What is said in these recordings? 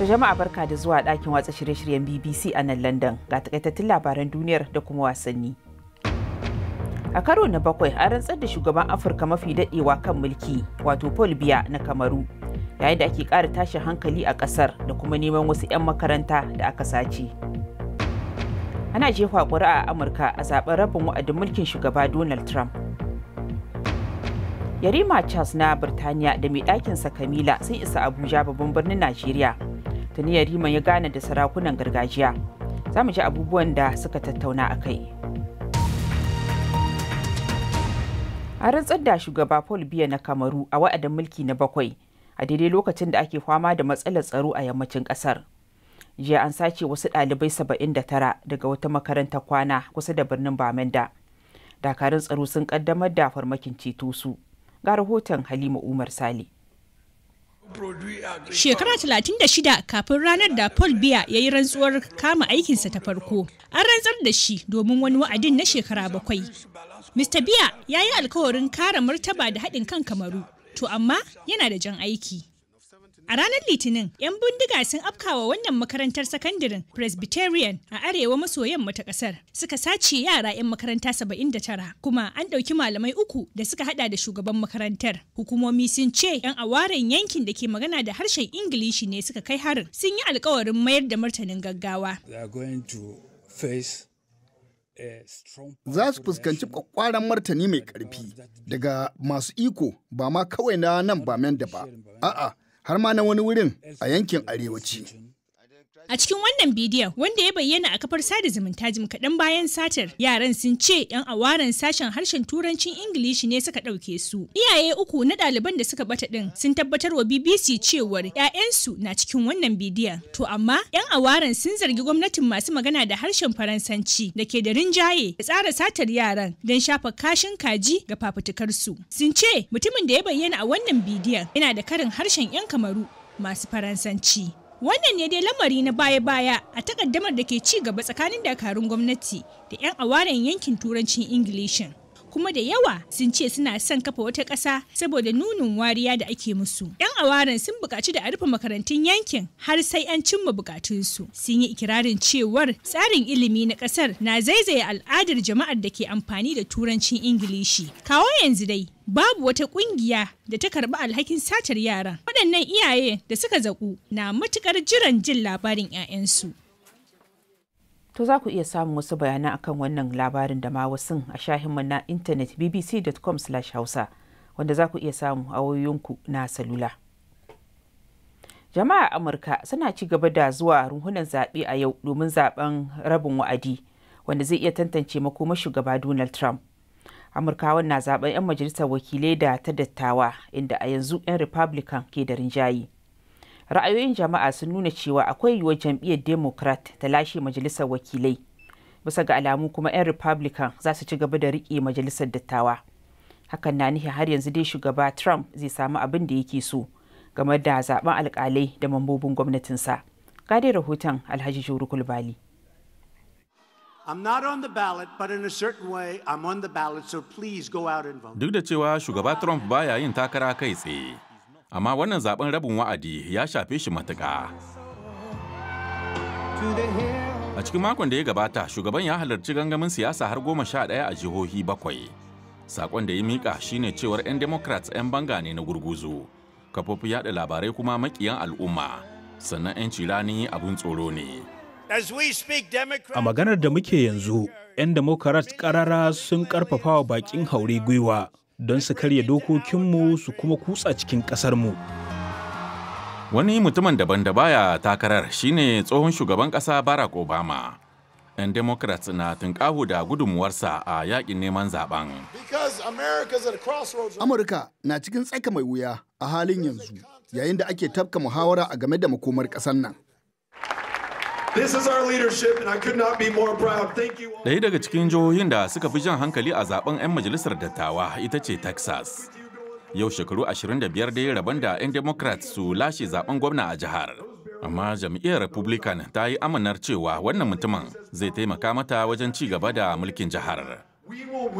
To jama'a barka da zuwa ɗakin watsa shirye-shiryen BBC a nan London ga takaitattun labaran duniyar da kuma wasanni. A karo na bakwai an rantsar da shugaban Afirka mafi daɗewa kan mulki wato Paul Biya na Kamaru yayin da ake ƙara tashin hankali a ƙasar da kuma neman wasu 'yan makaranta da aka sace. Ana jefa ƙuri'a a Amurka a zaɓen rabin wa'adin mulkin shugaba Donald Trump. Yarima Charles na Birtaniya da mai ɗakinsa kamila sun isa Abuja babban birnin Najeriya tuni yariman ya gane da sarakunan gargajiya za mu ji abubuwan da suka tattauna a kai a rantsar da shugaba paul biya na kamaru a wa'adin mulki na bakwai a daidai lokacin da ake fama da matsalar tsaro a yammacin kasar jiya an sace wasu ɗalibai tara daga wata makaranta kwana kusa da birnin bamenda dakarun tsaro sun kaddamar da farmakin ceto su ga rahoton halima umar sale Shekara 36 kafin ranar da Paul Biya ya yi rantsuwar kama aikinsa ta farko, an rantsar da shi domin wani wa'adin na shekara bakwai. Mr. Biya ya yi alkawarin kare martaba da haɗin kan kamaru, to amma yana da jan aiki. A ranar Litinin, 'yan bindiga sun afkawa wannan makarantar sakandaren Presbyterian a arewa maso yamma ta ƙasar. Suka sace yara 'yan makaranta 79 kuma an ɗauki malamai uku da suka hada da shugaban makarantar. Hukumomi sun ce 'yan awaren yankin da ke magana da harshen Ingilishi ne suka kai harin. Sun yi alkawarin mayar da martanin gaggawa. Za su fuskanci kwakwaran martani mai ƙarfi daga masu iko ba ma kawai na nan ba da ba. A'a, har ma na wani wurin a yankin arewaci. A cikin wannan bidiyon wanda ya bayyana a kafar sada zumunta jim kaɗan bayan satar yaran sun ce 'yan awaran sashen harshen turancin Ingilishi ne suka ɗauke su. Iyaye uku na ɗaliban da suka bata ɗin sun tabbatar wa BBC cewar 'ya'yansu na cikin wannan bidiyon. To amma 'yan awaran sun zargi gwamnatin masu magana da harshen Faransanci da ke da rinjaye da tsara satar yaran don shafa kashin kaji ga su. Sun ce mutumin da ya bayyana a wannan bidiyon yana da karin harshen 'yan kamaru masu Faransanci. wannan ne dai lamari na baya-baya a takaddamar da ke ci gaba tsakanin dakarun gwamnati da 'yan awaren yankin turancin ingilishin kuma da yawa sun ce suna son kafa wata ƙasa saboda nunin wariya da ake musu. 'Yan awaren sun buƙaci da a rufe makarantun yankin har sai an cimma buƙatunsu. Sun yi ikirarin cewar tsarin ilimi na ƙasar na zaizaya al'adar jama'ar da ke amfani da turancin Ingilishi. Kawo yanzu dai babu wata ƙungiya da ta karɓi alhakin satar yaran waɗannan iyaye da suka zaƙu na matuƙar jiran jin labarin 'ya'yansu To za ku iya samun wasu bayanan akan wannan labarin da ma wasu a shahinmu na intanet bbc.com/hausa wanda za ku iya samu a wayoyinku na salula. Jama'a Amurka suna ci gaba da zuwa ruhunan zaɓe a yau domin zaben rabin wa'adi wanda zai iya tantance makomar shugaba Donald Trump. Amurkawan na zaɓen 'yan majalisar wakilai da ta dattawa inda a yanzu 'yan Republican ke da rinjaye. ra'ayoyin jama'a sun nuna cewa akwai yiwuwar jam'iyyar democrat ta lashe majalisar wakilai bisa ga alamu kuma 'yan republican za su ci gaba da riƙe majalisar dattawa hakan na nufin har yanzu dai shugaba trump zai samu abin da yake so game da zaben alkalai da mambobin gwamnatinsa ka dai rahoton alhaji juru kulbali Duk da cewa shugaba Trump baya yin takara kai tsaye, amma wannan zaben rabin wa'adi ya shafe shi matuka. A cikin makon da ya gabata, shugaban ya halarci gangamin siyasa har goma sha ɗaya a jihohi bakwai. Sakon da ya miƙa shine cewar 'yan Democrats 'yan banga ne na gurguzu, kafofi yaɗa labarai kuma maƙiyan al'umma, sannan 'yanci rani abin tsoro ne. A maganar da muke yanzu, 'yan Democrats ƙarara sun ƙarfafa wa baƙin haure gwiwa don su karya dokokinmu su kuma kutsa cikin ƙasarmu. Wani mutumin daban da baya takarar shine tsohon shugaban ƙasa Barack Obama. 'Yan Democrats na tunƙahu da gudunmuwarsa a yaƙin neman zaben. Amurka na cikin tsaka mai wuya a halin yanzu yayin da ake tafka muhawara a game da makomar ƙasar nan. This is not be more proud. Ɗaya daga cikin jihohin da suka fi jan hankali a zaben 'yan majalisar dattawa ita ce Texas. Yau shekaru 25 dai rabon da 'yan Democrats su lashe zaben gwamna a jihar. Amma jam'iyyar Republican ta yi amanar cewa wannan mutumin zai taimaka mata wajen ci gaba da mulkin jihar. We will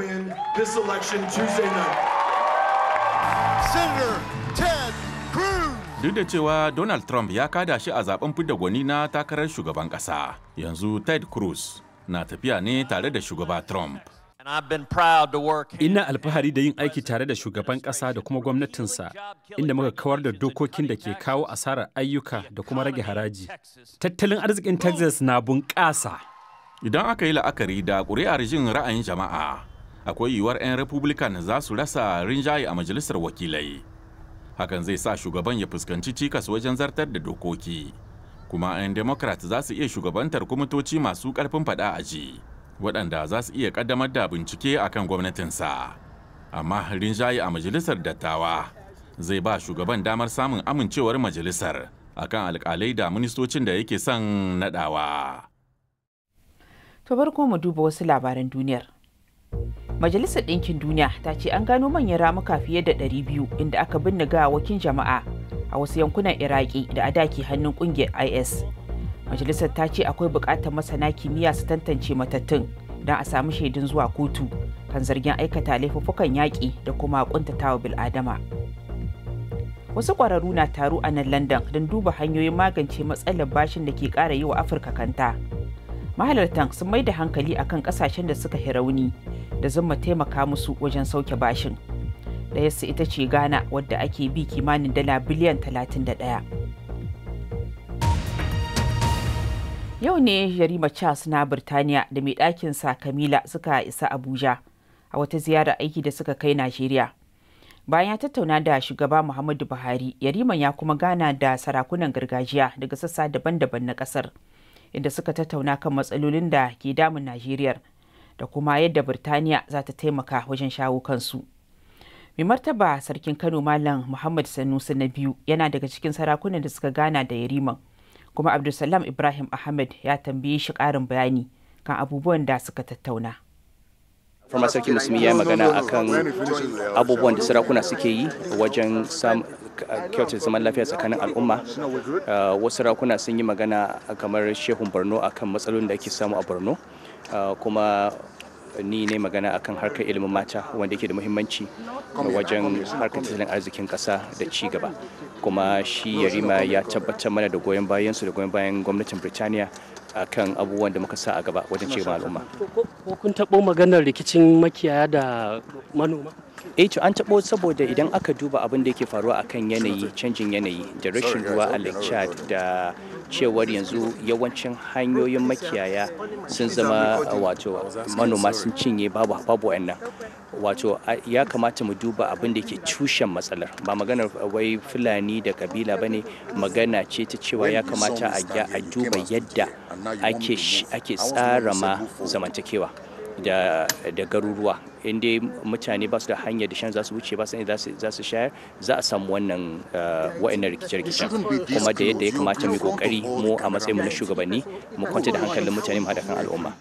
Senator Ted duk da cewa donald trump ya kada shi a zaben fidda gwani na takarar shugaban kasa yanzu ted cruz na tafiya ne tare da shugaba trump Ina alfahari da yin aiki tare da shugaban kasa da kuma gwamnatinsa, inda muka kawar da dokokin da ke kawo asarar ayyuka da kuma rage haraji. Tattalin arzikin Texas na bunƙasa. Idan aka yi la'akari da ƙuri'ar jin ra'ayin jama'a, akwai yiwuwar 'yan Republican za su rasa rinjaye a majalisar wakilai. hakan zai sa shugaban ya fuskanci cikas wajen zartar da dokoki kuma 'yan democrat za su iya shugabantar kwamitoci masu karfin fada a ji waɗanda za su iya kaddamar da bincike akan kan gwamnatinsa amma rinjaye a majalisar dattawa zai ba shugaban damar samun amincewar majalisar akan alkalai da ministocin da yake son naɗawa. To ko mu duba wasu labaran duniyar. Majalisar Ɗinkin Duniya ta ce an gano manyan ramuka fiye da 200 inda aka binne gawakin jama'a a wasu yankunan Iraki da a daki hannun ƙungiyar IS. Majalisar ta ce akwai buƙatar masana kimiyya su tantance matattun don a samu shaidun zuwa kotu kan zargin aikata laifuffukan yaƙi da kuma ƙuntatawa bil'adama. Wasu ƙwararru na taro a nan London don duba hanyoyin magance matsalar bashin da ke ƙara yi wa Afirka kanta. Mahalartan sun mai da hankali akan ƙasashen da suka rauni da zama taimaka musu wajen sauke bashin su ita ce ghana wadda ake bi kimanin dala biliyan 31 yau ne yarima charles na birtaniya da mai ɗakin sa kamila suka isa abuja a wata ziyara aiki da suka kai najeriya bayan ya tattauna da shugaba muhammadu buhari yariman ya kuma gana da sarakunan gargajiya daga sassa daban-daban na kasar inda suka tattauna kan matsalolin da ke damun najeriyar da kuma yadda Birtaniya za ta taimaka wajen shawo kansu. Mai martaba sarkin Kano Malam Muhammad Sanusi na biyu yana daga cikin sarakunan da suka gana da Yariman. Kuma Abdulsalam Ibrahim Ahmed ya tambaye shi ƙarin bayani kan abubuwan da suka tattauna. Farma Sarki Musulmi ya yi magana akan abubuwan da sarakuna suke yi wajen kyautar zaman lafiya tsakanin al'umma uh, wasu rakuna sun yi magana kamar shehun borno akan matsalolin da ake samu a borno uh, kuma ni ne magana akan harkar ilimin mata wanda yake da muhimmanci wajen harkar tattalin arzikin kasa da ci gaba kuma shi yarima ya tabbatar mana da goyon bayan su da goyon bayan gwamnatin birtaniya akan abubuwan da muka sa a gaba wajen ce al'umma ko kun taɓo maganar rikicin makiyaya da manoma eh to an taɓo saboda idan aka duba abin da yake faruwa akan yanayi canjin yanayi da rashin ruwa a lake chad da cewar yanzu yawancin hanyoyin makiyaya sun zama wato manoma sun cinye babu babu wannan wato ya kamata mu duba abin da ke tushen matsalar ba maganar wai fulani da kabila bane magana ce ta cewa ya kamata a duba yadda ake tsara ma zamantakewa da garuruwa inda mutane ba su da hanyar da shan za su wuce ba su za su shayar za a samu wannan eh, wa'annan rikice-rikicen kuma da yadda ya kamata mu kokari mu a matsayin mu na shugabanni mu kwanta da hankalin mutane mu haɗa kan al'umma